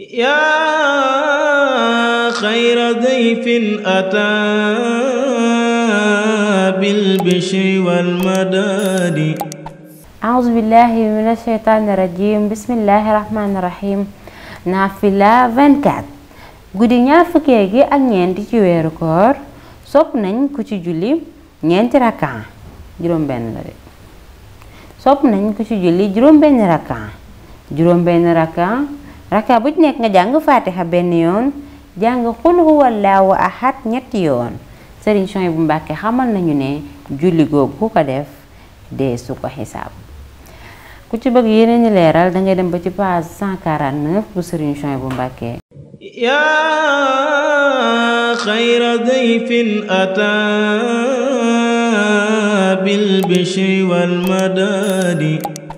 yaa xayra dayfin ataa bil bishri wal madaadi أعوذ بالله من الشيطان الرجيم بسم الله الرحمن الرحيم naafila 24 guddi ñaar gi ak ñeenti ci weeru koor sopp nañ ku ci julli ñeenti rakkan juróom benn la nañ ku ci julli juróom benn raka bu ci nekk nga jàng faatixa benn yoon jàng xul huwallaahu ahad ñetti yoon sëriñ Suhaybu bu Mbàkke xamal nañu ne julli googu ku ko def dee su ko xisaab ku ci bëgg yeneen ñi leeral dangay dem ba ci page 149 bu sëriñ Suhaybu bu Mbàkke yaa xayra dayfin ataa bil bishri wal madaadi